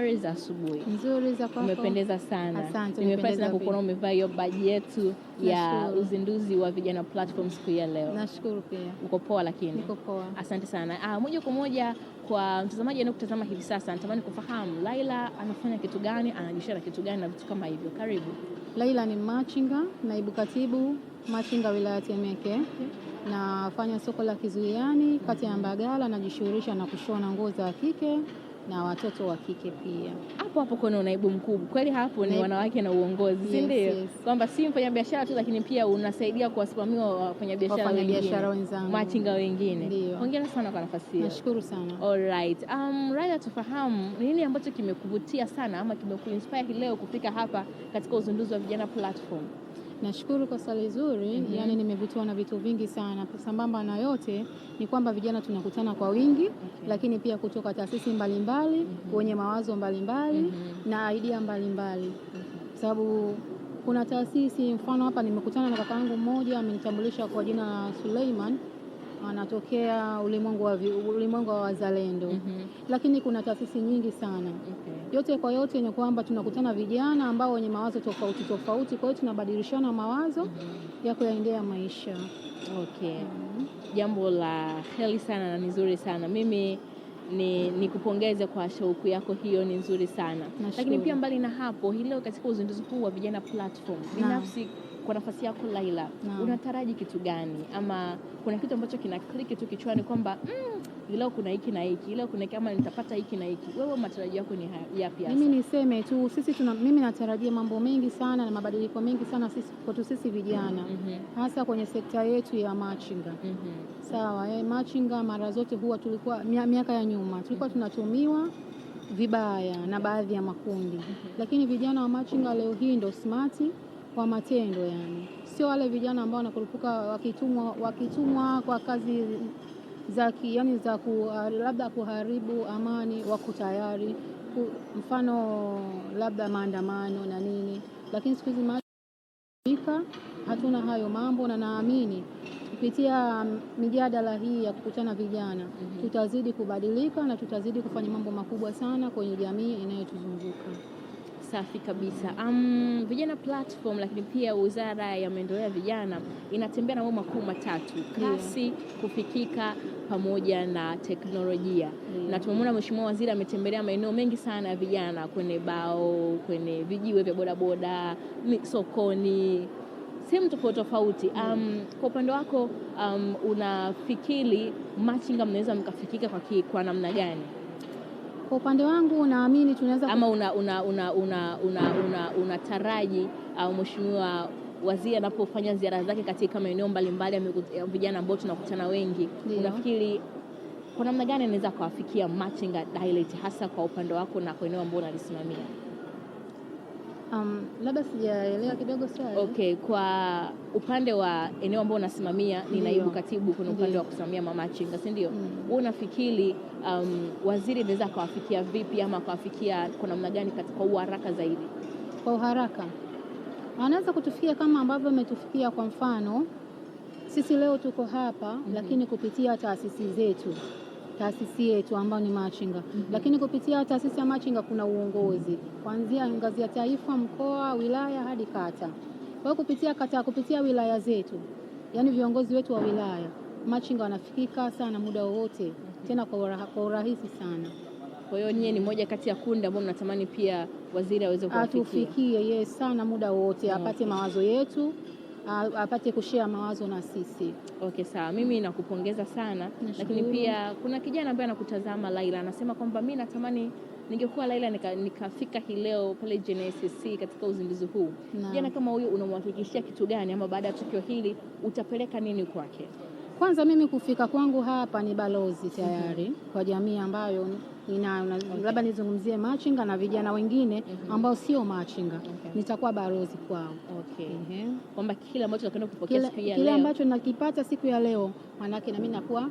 habari za asubuhi? Nzuri za kwako. Umependeza sana. Asante. Nimefurahi sana kukuona umevaa hiyo baji yetu ya uzinduzi wa vijana platform siku ya leo. Nashukuru pia. Uko poa lakini? Niko poa. Asante sana. Ah, moja kwa moja kwa mtazamaji anayekutazama hivi sasa, natamani kufahamu Laila anafanya kitu gani, anajishia na kitu gani na vitu kama hivyo. Karibu. Laila ni machinga, naibu katibu machinga wilaya ya Temeke. Okay. Nafanya soko la Kizuiani kati ya Mbagala, najishughulisha na kushona nguo za kike na watoto wa kike pia. Hapo hapo kuna unaibu mkubwa kweli, hapo ni wanawake na uongozi, si ndio? Yes, yes. Kwamba si mfanyabiashara tu, lakini pia unasaidia kuwasimamia wafanyabiashara wenzangu, machinga wengine. Hongera sana kwa nafasi hiyo, nashukuru sana. right. um, Raya, tufahamu nini ambacho kimekuvutia sana ama kimekuinspire leo kufika hapa katika uzinduzi wa Vijana Platform? Nashukuru kwa swali zuri. mm -hmm. Yani nimevutiwa na vitu vingi sana. Sambamba na yote ni kwamba vijana tunakutana kwa wingi okay. Lakini pia kutoka taasisi mbalimbali mm -hmm. wenye mawazo mbalimbali mm -hmm. na idea mbalimbali mm -hmm. sababu kuna taasisi, mfano hapa nimekutana na kakaangu mmoja amenitambulisha kwa jina la Suleiman wanatokea ulimwengu wa ulimwengu wa wazalendo mm -hmm. Lakini kuna taasisi nyingi sana okay. Yote kwa yote ni kwamba tunakutana vijana ambao wenye mawazo tofauti tofauti, kwa hiyo tunabadilishana mawazo mm -hmm. ya kuyaendea maisha okay. mm -hmm. Jambo la heli sana na ni nzuri sana mimi ni nikupongeze kwa shauku yako hiyo, ni nzuri sana. Lakini pia mbali na hapo, hii leo katika uzinduzi huu wa vijana platform binafsi kwa nafasi yako Laila no. unataraji kitu gani ama kuna kitu ambacho kina kliki tu kichwani kwamba mm, leo kuna hiki na hiki leo kuna kama nitapata hiki na hiki, wewe matarajio yako ni yapi hasa? Mimi niseme tu sisi tuna, mimi natarajia mambo mengi sana na mabadiliko mengi sana sisi, kwetu sisi vijana mm-hmm. hasa kwenye sekta yetu ya machinga mm-hmm. sawa eh, machinga mara zote huwa tulikuwa miaka ya nyuma tulikuwa tunatumiwa vibaya na baadhi ya makundi mm-hmm. lakini vijana wa machinga leo hii ndo smart kwa matendo yani, sio wale vijana ambao wanakurupuka wakitumwa wakitumwa kwa kazi za yani za ku, uh, labda kuharibu amani, wako tayari mfano labda maandamano na nini, lakini siku hizi maika hatuna hayo mambo, na naamini kupitia mijadala hii ya kukutana vijana mm -hmm. tutazidi kubadilika na tutazidi kufanya mambo makubwa sana kwenye jamii inayotuzunguka. Safi kabisa. Um, vijana platform lakini pia Wizara ya Maendeleo ya Vijana inatembea na mambo makuu matatu: kasi, kufikika pamoja na teknolojia. yeah. Na tumemwona Mheshimiwa Waziri ametembelea maeneo mengi sana ya vijana kwenye bao, kwenye vijiwe vya bodaboda, sokoni, sehemu tofauti tofauti. Um, kwa upande wako um, unafikiri machinga mnaweza mkafikika kwa, kwa namna gani? Kwa upande wangu naamini tunaweza ama una una una una una taraji uh, ah, mheshimiwa waziri anapofanya ziara zake katika maeneo mbalimbali ya vijana ambao tunakutana wengi, unafikiri kwa namna gani anaweza akawafikia machinga Daileti hasa kwa upande wako na kwa eneo ambao unalisimamia? Um, labda sijaelewa kidogo swali. Okay, kwa upande wa eneo ambao unasimamia ni naibu katibu, kuna upande Ndiyo. wa kusimamia mama achinga, si ndio? Mm. Wewe unafikiri um, waziri anaweza akawafikia vipi ama akawafikia kwa namna gani katika uharaka zaidi? Kwa uharaka anaweza kutufikia kama ambavyo ametufikia. Kwa mfano sisi leo tuko hapa, mm -hmm. lakini kupitia taasisi zetu taasisi yetu ambayo ni machinga mm -hmm. Lakini kupitia taasisi ya machinga kuna uongozi kuanzia ngazi ya taifa, mkoa, wilaya hadi kata. Kwa hiyo kupitia kata, kupitia wilaya zetu, yani viongozi wetu wa wilaya, machinga wanafikika sana muda wowote mhm. tena kwa, Tena kwa urahisi sana. Kwa hiyo nyie ni moja kati ya kundi ambao mnatamani pia waziri aweze kuwafikia, atufikie yeye sana muda wote, apate mawazo yetu apate kushare mawazo na sisi. Okay, sawa. Mimi nakupongeza sana na lakini pia kuna kijana ambaye anakutazama Laila, anasema kwamba mi natamani ningekuwa Laila nikafika nika hii leo pale Genesis katika uzinduzi huu. Kijana kama huyu unamhakikishia kitu gani, ama baada ya tukio hili utapeleka nini kwake? Kwanza mimi kufika kwangu hapa ni balozi tayari kwa jamii ambayo ina labda nizungumzie machinga na vijana wengine mhm. ambao sio machinga okay. Nitakuwa balozi kwao okay. mm -hmm. kwamba kile ambacho kupokea siku ya leo, ambacho nakipata siku ya leo, maanake nami nakuwa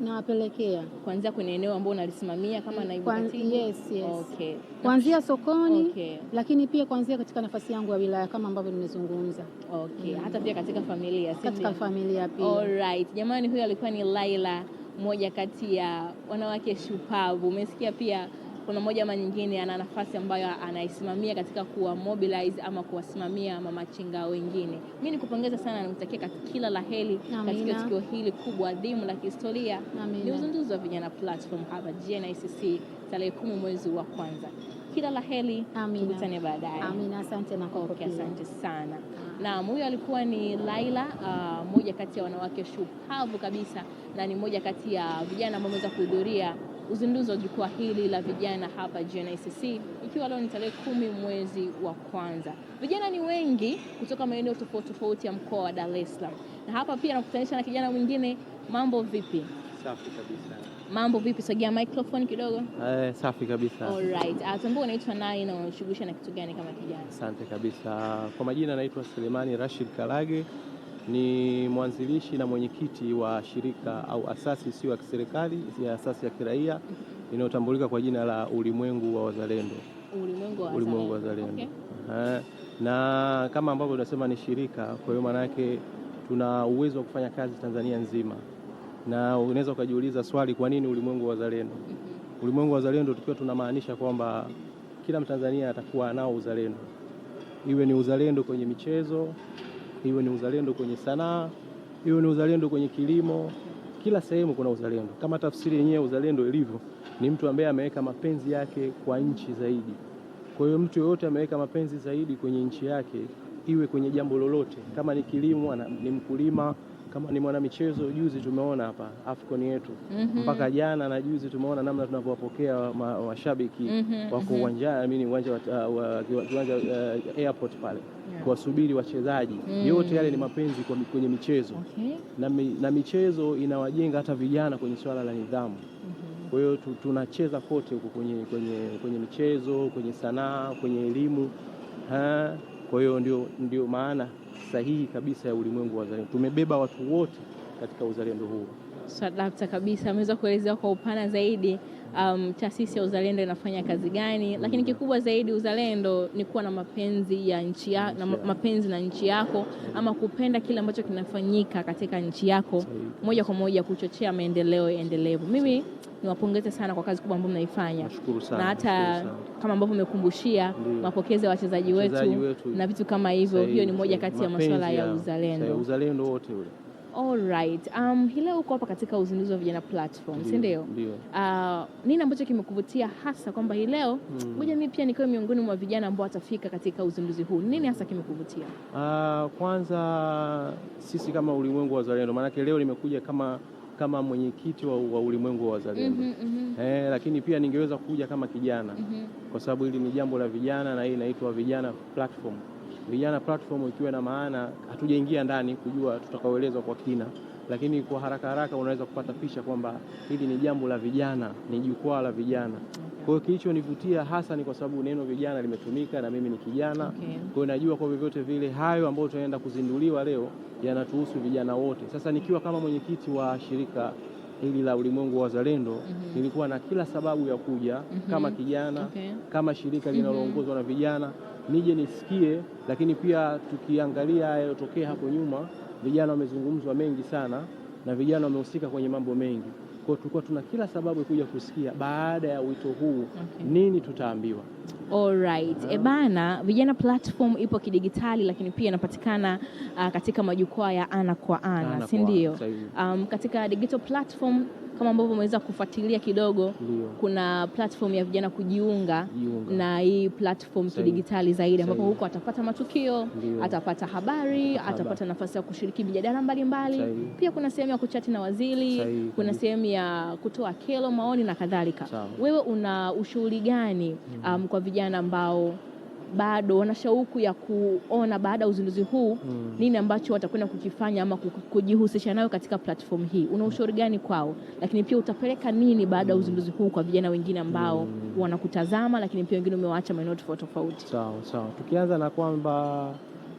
nawapelekea na kuanzia kwenye eneo ambao unalisimamia kama naibu katibu. Yes, yes. Okay. Kuanzia sokoni okay. Lakini pia kuanzia katika nafasi yangu ya wilaya kama ambavyo nimezungumza. Okay. Mm. Hata pia katika familia, katika familia pia. right. Jamani, huyo alikuwa ni Laila, moja kati ya wanawake shupavu. Umesikia pia kuna moja ama nyingine ana nafasi ambayo anaisimamia katika kuwa mobilize ama kuwasimamia mamachinga wengine. Mimi nikupongeza sana, nikutakia kila la heri katika tukio hili kubwa adhimu la kihistoria. Ni uzinduzi wa Vijana Platform hapa GNICC tarehe kumi mwezi wa kwanza. Kila la heri, tukutane baadaye. Amina, asante na okay, asante sana. Ah. Naam, huyo alikuwa ni Laila, mmoja ah, moja kati ya wanawake shupavu kabisa na ni moja kati ya vijana ambao wameweza kuhudhuria uzinduzi wa jukwaa hili la vijana hapa GNICC, ikiwa leo ni tarehe kumi mwezi wa kwanza. Vijana ni wengi kutoka maeneo tofauti tofauti ya mkoa wa Dar es Salaam, na hapa pia nakutanisha na kijana mwingine. Mambo vipi? Safi kabisa. Mambo vipi? Sogea microphone kidogo. Eh, safi kabisa. Alright. Atambua ah, unaitwa nani na unashughulisha na kitu gani kama kijana? Asante kabisa. Kwa majina naitwa Selemani Rashid Kalage ni mwanzilishi na mwenyekiti wa shirika au asasi isiyo ya kiserikali ya asasi ya kiraia inayotambulika kwa jina la Ulimwengu wa Wazalendo, Ulimwengu wa Wazalendo. Okay. Eh, na kama ambavyo tunasema ni shirika, kwa hiyo maana yake tuna uwezo wa kufanya kazi Tanzania nzima, na unaweza ukajiuliza swali, kwa nini Ulimwengu wa Wazalendo? Mm-hmm. Ulimwengu wa Wazalendo tukiwa tunamaanisha kwamba kila Mtanzania atakuwa nao uzalendo, iwe ni uzalendo kwenye michezo iwe ni uzalendo kwenye sanaa, iwe ni uzalendo kwenye kilimo, kila sehemu kuna uzalendo. Kama tafsiri yenyewe uzalendo ilivyo, ni mtu ambaye ameweka mapenzi yake kwa nchi zaidi. Kwa hiyo mtu yoyote ameweka mapenzi zaidi kwenye nchi yake, iwe kwenye jambo lolote, kama ni kilimo, ni mkulima kama ni mwanamichezo, juzi tumeona hapa Afcon yetu mm -hmm. mpaka jana na juzi tumeona namna tunavyowapokea washabiki mm -hmm. wako uwanjani, amini uwanja wa uh, kiwanja uh, airport pale yeah. kuwasubiri wachezaji mm -hmm. yote yale ni mapenzi kwa, kwenye michezo okay. na, na michezo inawajenga hata vijana kwenye swala la nidhamu mhm. Kwa hiyo tunacheza kote huko kwenye, kwenye, kwenye michezo, kwenye sanaa, kwenye elimu. Kwa hiyo ndio, ndio maana sahihi kabisa ya ulimwengu wa wazalendo. Tumebeba watu wote katika uzalendo huu. Sadakta kabisa, ameweza kuelezea kwa upana zaidi um, taasisi ya uzalendo inafanya kazi gani, lakini kikubwa zaidi uzalendo ni kuwa na mapenzi ya nchi ya, na mapenzi na nchi yako ama kupenda kile ambacho kinafanyika katika nchi yako moja kwa moja kuchochea maendeleo endelevu. Mimi niwapongeze sana kwa kazi kubwa ambayo mnaifanya na hata kama ambavyo umekumbushia mapokezi ya wachezaji wetu, wetu na vitu kama hivyo. Hiyo ni moja kati ya masuala ya uzalendo, uzalendo wote ule. Alright. Um, hii leo uko hapa katika uzinduzi wa vijana platform, si ndio? Uh, nini ambacho kimekuvutia hasa kwamba hii leo moja mm. mimi pia nikiwa miongoni mwa vijana ambao watafika katika uzinduzi huu, nini hasa kimekuvutia? Uh, kwanza sisi kama ulimwengu wa wazalendo, maanake leo limekuja kama kama mwenyekiti wa, wa ulimwengu wa wazalendo mm -hmm, mm -hmm. Eh, lakini pia ningeweza kuja kama kijana mm -hmm. kwa sababu hili ni jambo la vijana na hii inaitwa vijana platform vijana platform ikiwa na maana, hatujaingia ndani kujua tutakaoelezwa kwa kina, lakini kwa haraka haraka unaweza kupata picha kwamba hili ni jambo la vijana, ni jukwaa la vijana. Kwa hiyo kilichonivutia hasa ni kwa sababu neno vijana limetumika na mimi ni kijana, okay. Kwa hiyo najua kwa vyovyote vile hayo ambayo tunaenda kuzinduliwa leo yanatuhusu vijana wote. Sasa nikiwa kama mwenyekiti wa shirika hili la ulimwengu wa wazalendo mm -hmm. Nilikuwa na kila sababu ya kuja mm -hmm. kama kijana okay. kama shirika mhm. linaloongozwa mm -hmm. na vijana nije nisikie, lakini pia tukiangalia yaliyotokea hapo nyuma, vijana wamezungumzwa mengi sana na vijana wamehusika kwenye mambo mengi. Kwa tulikuwa tuna kila sababu kuja kusikia baada ya wito huu okay. Nini tutaambiwa? Alright. Uh-huh. Ah. Ebana, eh, Vijana Platform ipo kidigitali lakini pia inapatikana uh, katika majukwaa ya ana kwa ana, ana si ndio? Um, katika digital platform kama ambavyo umeweza kufuatilia kidogo Lio. kuna platform ya vijana kujiunga Yunga. na hii platform kidigitali zaidi ambapo huko atapata matukio Lio. atapata habari Lio. atapata nafasi ya kushiriki mijadala mbalimbali pia kuna sehemu ya kuchati na waziri Sahi. kuna sehemu ya kutoa kelo maoni na kadhalika wewe una ushauri gani mm-hmm. um, kwa vijana ambao bado wana shauku ya kuona baada ya uzinduzi huu mm. nini ambacho watakwenda kukifanya ama kujihusisha nayo katika platform hii. Una ushauri gani kwao? Lakini pia utapeleka nini baada ya mm. uzinduzi huu kwa vijana wengine ambao mm. wanakutazama, lakini pia wengine umewaacha maeneo tofauti tofauti? Sawa sawa, tukianza na kwamba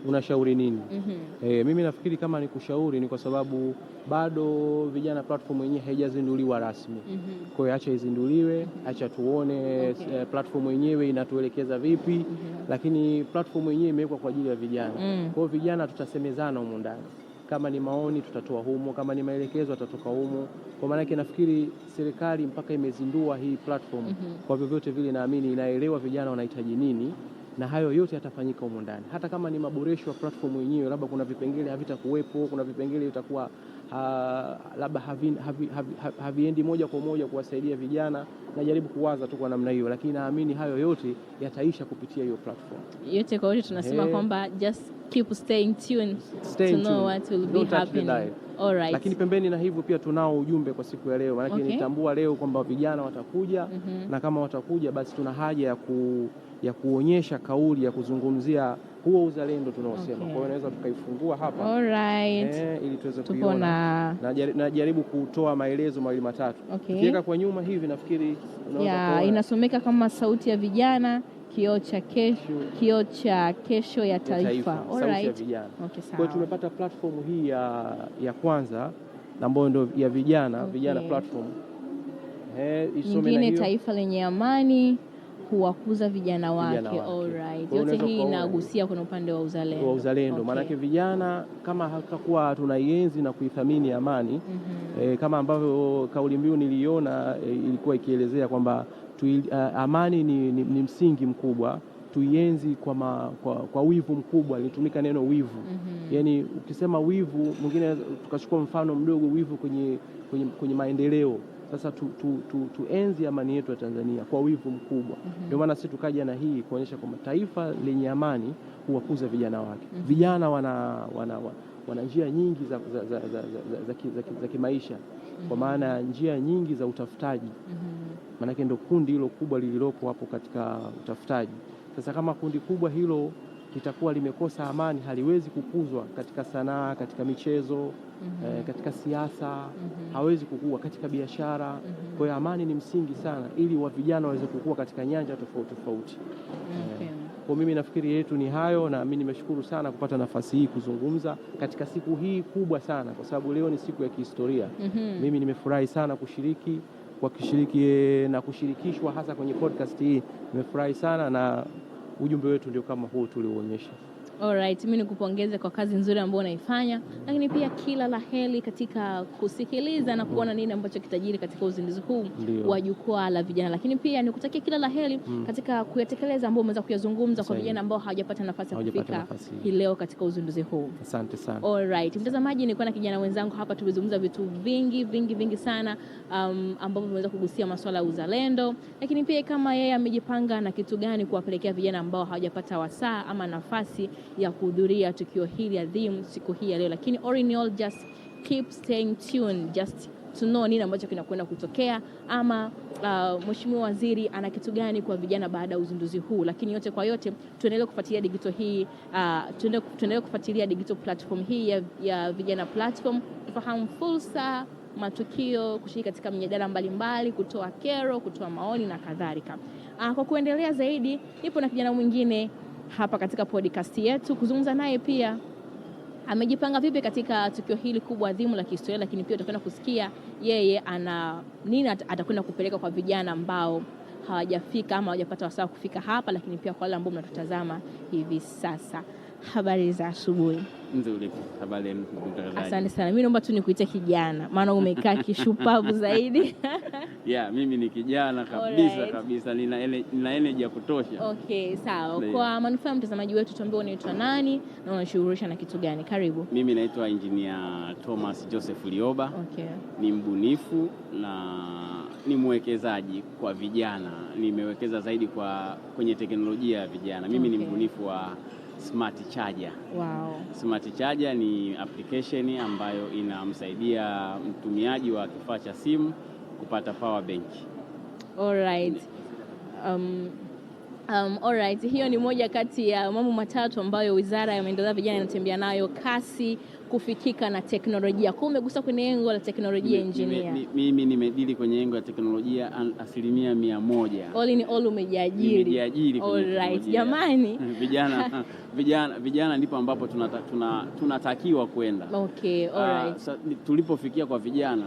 unashauri nini? mm -hmm. E, mimi nafikiri kama ni kushauri ni kwa sababu bado vijana platform yenyewe haijazinduliwa rasmi. mm -hmm. Kwa hiyo acha izinduliwe. mm -hmm. Acha tuone, okay. Eh, platform yenyewe inatuelekeza vipi? mm -hmm. Lakini platform yenyewe imewekwa kwa ajili ya vijana. mm -hmm. Kwa hiyo vijana tutasemezana humu ndani kama ni maoni tutatoa humo, kama ni maelekezo atatoka humo. Kwa maana yake nafikiri serikali mpaka imezindua hii platform mm -hmm. Kwa vyovyote vile naamini inaelewa vijana wanahitaji nini na hayo yote yatafanyika humo ndani, hata kama ni maboresho ya platform yenyewe, labda kuna vipengele havitakuwepo, kuna vipengele vitakuwa ha, labda haviendi havi, havi, havi, havi moja kwa moja kuwasaidia vijana. Najaribu kuwaza tu kwa namna hiyo, lakini naamini hayo yote yataisha kupitia hiyo platform yote. Kwa yote tunasema hey, eh. kwamba just keep staying tuned Stay to tuned. know what will be happening. right. Lakini pembeni na hivyo pia tunao ujumbe kwa siku ya leo maanake, okay. Nitambua leo kwamba vijana watakuja mm -hmm. na kama watakuja basi tuna haja ya ku ya kuonyesha kauli ya kuzungumzia huo uzalendo tunaosema. Okay. Kwa hiyo naweza tukaifungua hapa. Alright. Eh, ili tuweze kuiona. Najaribu kutoa maelezo mawili matatu. Okay. Tukiweka kwa nyuma hivi nafikiri unaweza yeah, kuona. Inasomeka kama sauti ya vijana kio cha kesho, kio cha kesho ya taifa. Sauti ya vijana. Okay, sawa. kwa hiyo tumepata platform hii ya, ya kwanza ambayo ndio ya vijana, okay. Vijana platform. Eh, isome na Taifa lenye amani kuwakuza vijana wake. right. yote hii inagusia kwenye upande wa uzalendo, wa uzalendo. Okay. Maanake vijana kama hatakuwa tunaienzi na kuithamini amani mm -hmm. E, kama ambavyo kauli mbiu niliona e, eh, ilikuwa ikielezea kwamba uh, amani ni, ni, ni msingi mkubwa tuienzi kwa, ma, kwa, kwa wivu mkubwa. Lilitumika neno wivu mm -hmm. Yani ukisema wivu, mwingine tukachukua mfano mdogo, wivu kwenye, kwenye, kwenye maendeleo sasa tu, tu, tu, tuenzi amani yetu ya Tanzania kwa wivu mkubwa. Mhm. Ndio maana sisi tukaja na hii kuonyesha kwamba taifa lenye amani huwakuza vijana wake. Mhm. Vijana wana, wana, wana njia nyingi za, za, za, za, za, za, za, za kimaisha kwa mhm. maana ya njia nyingi za utafutaji, maanake ndio kundi hilo kubwa lililopo hapo katika utafutaji. Sasa kama kundi kubwa hilo litakuwa limekosa amani, haliwezi kukuzwa katika sanaa, katika michezo mm -hmm. eh, katika siasa mm -hmm. hawezi kukua katika biashara mm -hmm. Kwa hiyo amani ni msingi sana, ili wa vijana waweze kukua katika nyanja tofauti tofauti okay. eh, kwa mimi nafikiri yetu ni hayo, na mimi nimeshukuru sana kupata nafasi hii kuzungumza katika siku hii kubwa sana, kwa sababu leo ni siku ya kihistoria mm -hmm. Mimi nimefurahi sana kushiriki kwa kushiriki eh, na kushirikishwa hasa kwenye podcast hii, nimefurahi sana na ujumbe wetu ndio kama huu tulioonyesha. Alright, mimi nikupongeze kwa kazi nzuri ambayo unaifanya, lakini pia kila la heri katika kusikiliza na kuona nini ambacho kitajiri katika uzinduzi huu wa jukwaa la vijana, lakini pia nikutakia kila la heri mm. katika kuyatekeleza ambayo umeweza kuyazungumza kwa vijana ambao hawajapata nafasi ya kufika hii leo katika uzinduzi huu. Asante sana. Alright, mtazamaji, nilikuwa na kijana wenzangu hapa, tumezungumza vitu vingi vingi vingi sana um, ambavyo vimeweza kugusia masuala ya uzalendo, lakini pia kama yeye amejipanga na kitu gani kuwapelekea vijana ambao hawajapata wasaa ama nafasi ya kuhudhuria tukio hili adhimu siku hii ya leo, lakini all in all, just keep staying tuned, just to know nini ambacho kinakwenda kutokea ama uh, mheshimiwa waziri ana kitu gani kwa vijana baada ya uzinduzi huu. Lakini yote kwa yote, tuendelee kufuatilia digital hii uh, tuendelee kufuatilia digital platform hii ya, ya vijana platform, tufahamu fursa matukio kushiriki katika mijadala mbalimbali, kutoa kero, kutoa maoni na kadhalika. Uh, kwa kuendelea zaidi, nipo na kijana mwingine hapa katika podcast yetu kuzungumza naye pia amejipanga vipi katika tukio hili kubwa adhimu la kihistoria, lakini pia utakwenda kusikia yeye ana nini atakwenda kupeleka kwa vijana ambao hawajafika ama hawajapata wasaa kufika hapa, lakini pia kwa wale ambao mnatutazama hivi sasa. Habari za asubuhi. Nzuri. Habari. Asante sana. Mimi naomba tu nikuite kijana, maana umekaa kishupavu zaidi. Yeah, mimi ni kijana kabisa Alright. Kabisa nina energy ya kutosha. Okay, sawa. Kwa manufaa ya mtazamaji wetu, tuambie unaitwa nani na unashughulisha na kitu gani? Karibu. Mimi naitwa Engineer Thomas Joseph Lioba. Okay. Ni mbunifu na ni mwekezaji kwa vijana, nimewekeza zaidi kwa kwenye teknolojia ya vijana. Mimi okay. ni mbunifu wa smart charger. Wow. Smart charger ni application ambayo inamsaidia mtumiaji wa kifaa cha simu kupata power bank. All right. Um, Um, right. hiyo ni moja kati ya mambo matatu ambayo Wizara ya Maendeleo ya Vijana inatembea nayo: kasi, kufikika na teknolojia. Kwa umegusa kwenye engo la teknolojia engineer. Mimi nimedili kwenye engo ya teknolojia asilimia mia moja. All in all umejiajiri. Nimejiajiri All right. Jamani vijana, vijana, vijana ndipo ambapo tunatakiwa tuna, tuna kwenda. Okay, alright. Ah, uh, tulipofikia kwa vijana,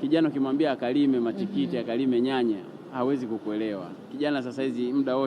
kijana ukimwambia akalime matikiti mm -hmm. akalime nyanya hawezi kukuelewa kijana sasa hizi muda wote